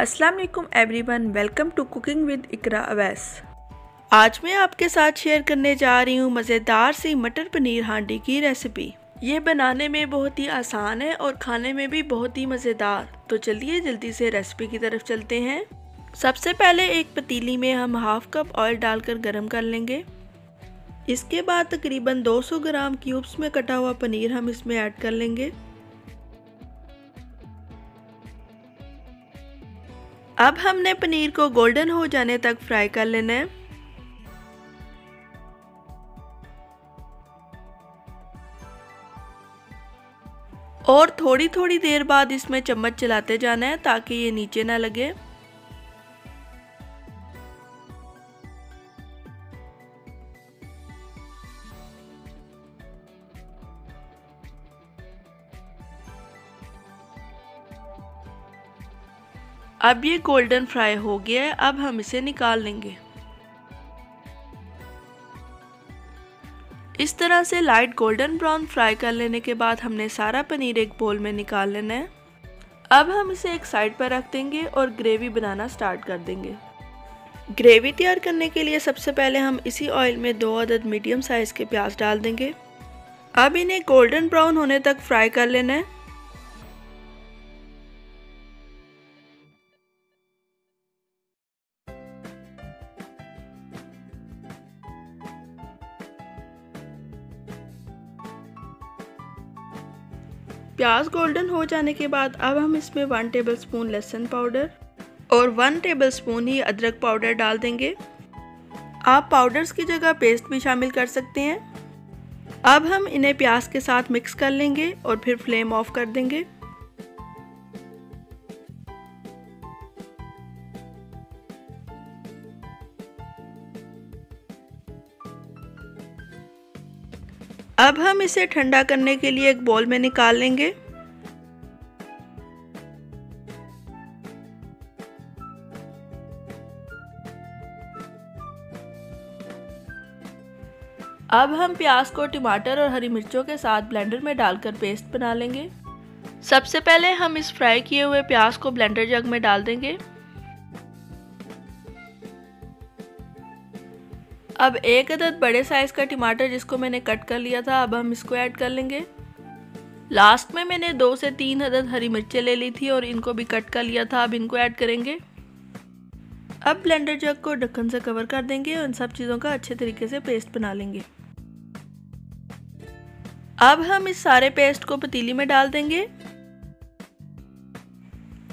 अस्सलाम वालेकुम everyone welcome to cooking with Iqra Awais आज मैं आपके साथ शेयर करने जा रही हूँ मज़ेदार सी मटर पनीर हांडी की रेसिपी ये बनाने में बहुत ही आसान है और खाने में भी बहुत ही मज़ेदार तो चलिए जल्दी से रेसिपी की तरफ चलते हैं सबसे पहले एक पतीली में हम हाफ कप ऑयल डालकर गर्म कर लेंगे इसके बाद तकरीबन 200 ग्राम क्यूब्स में कटा हुआ पनीर हम इसमें ऐड कर लेंगे अब हमने पनीर को गोल्डन हो जाने तक फ्राई कर लेना है और थोड़ी थोड़ी देर बाद इसमें चम्मच चलाते जाना है ताकि ये नीचे ना लगे अब ये गोल्डन फ्राई हो गया है अब हम इसे निकाल लेंगे इस तरह से लाइट गोल्डन ब्राउन फ्राई कर लेने के बाद हमने सारा पनीर एक बोल में निकाल लेना है अब हम इसे एक साइड पर रख देंगे और ग्रेवी बनाना स्टार्ट कर देंगे ग्रेवी तैयार करने के लिए सबसे पहले हम इसी ऑयल में दो अदद मीडियम साइज़ के प्याज डाल देंगे अब इन्हें गोल्डन ब्राउन होने तक फ्राई कर लेना है प्याज गोल्डन हो जाने के बाद अब हम इसमें वन टेबल स्पून लहसुन पाउडर और वन टेबल स्पून ही अदरक पाउडर डाल देंगे आप पाउडर्स की जगह पेस्ट भी शामिल कर सकते हैं अब हम इन्हें प्याज के साथ मिक्स कर लेंगे और फिर फ्लेम ऑफ कर देंगे अब हम इसे ठंडा करने के लिए एक बॉल में निकाल लेंगे अब हम प्याज को टमाटर और हरी मिर्चों के साथ ब्लेंडर में डालकर पेस्ट बना लेंगे सबसे पहले हम इस फ्राई किए हुए प्याज को ब्लेंडर जग में डाल देंगे अब एक अदद बड़े साइज़ का टमाटर जिसको मैंने कट कर लिया था अब हम इसको ऐड कर लेंगे लास्ट में मैंने दो से तीन अदद हरी मिर्चें ले ली थी और इनको भी कट कर लिया था अब इनको ऐड करेंगे अब ब्लेंडर जग को ढक्कन से कवर कर देंगे और इन सब चीज़ों का अच्छे तरीके से पेस्ट बना लेंगे अब हम इस सारे पेस्ट को पतीली में डाल देंगे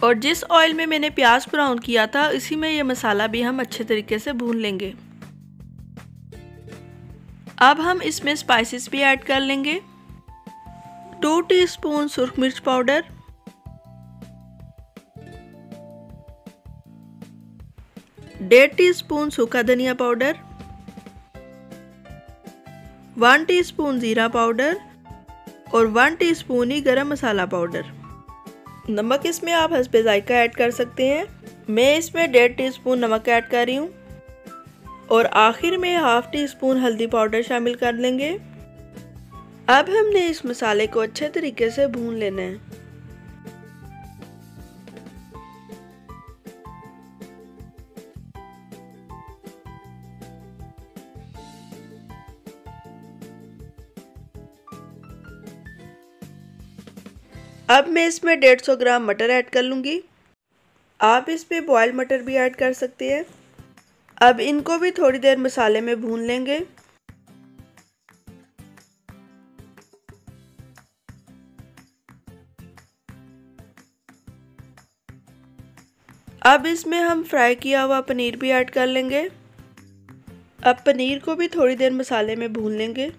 और जिस ऑयल में मैंने प्याज ब्राउन किया था इसी में ये मसाला भी हम अच्छे तरीके से भून लेंगे अब हम इसमें स्पाइसेस भी ऐड कर लेंगे टू टीस्पून सुरख मिर्च पाउडर डेढ़ टीस्पून सूखा धनिया पाउडर वन टीस्पून ज़ीरा पाउडर और वन टीस्पून ही गरम मसाला पाउडर नमक इसमें आप हंसपे जायका ऐड कर सकते हैं मैं इसमें डेढ़ टीस्पून नमक ऐड कर रही हूँ और आखिर में हाफ टी स्पून हल्दी पाउडर शामिल कर लेंगे अब हमने इस मसाले को अच्छे तरीके से भून लेना है अब मैं इसमें 150 ग्राम मटर ऐड कर लूँगी आप इसमें बॉयल मटर भी ऐड कर सकते हैं अब इनको भी थोड़ी देर मसाले में भून लेंगे अब इसमें हम फ्राई किया हुआ पनीर भी ऐड कर लेंगे अब पनीर को भी थोड़ी देर मसाले में भून लेंगे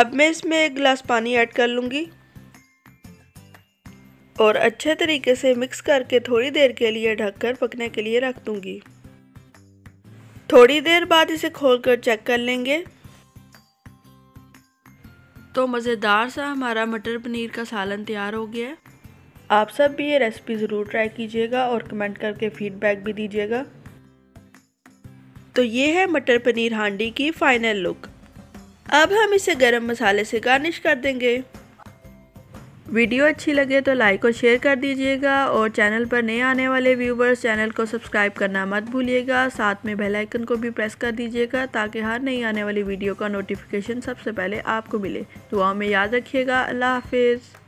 अब मैं इसमें एक गिलास पानी ऐड कर लूँगी और अच्छे तरीके से मिक्स करके थोड़ी देर के लिए ढककर पकने के लिए रख दूंगी थोड़ी देर बाद इसे खोलकर चेक कर लेंगे तो मज़ेदार सा हमारा मटर पनीर का सालन तैयार हो गया आप सब भी ये रेसिपी ज़रूर ट्राई कीजिएगा और कमेंट करके फीडबैक भी दीजिएगा तो ये है मटर पनीर हांडी की फ़ाइनल लुक अब हम इसे गरम मसाले से गार्निश कर देंगे वीडियो अच्छी लगे तो लाइक और शेयर कर दीजिएगा और चैनल पर नए आने वाले व्यूवर्स चैनल को सब्सक्राइब करना मत भूलिएगा साथ में बेल आइकन को भी प्रेस कर दीजिएगा ताकि हर नई आने वाली वीडियो का नोटिफिकेशन सबसे पहले आपको मिले दुआओं में याद रखिएगा अल्लाह हाफिज़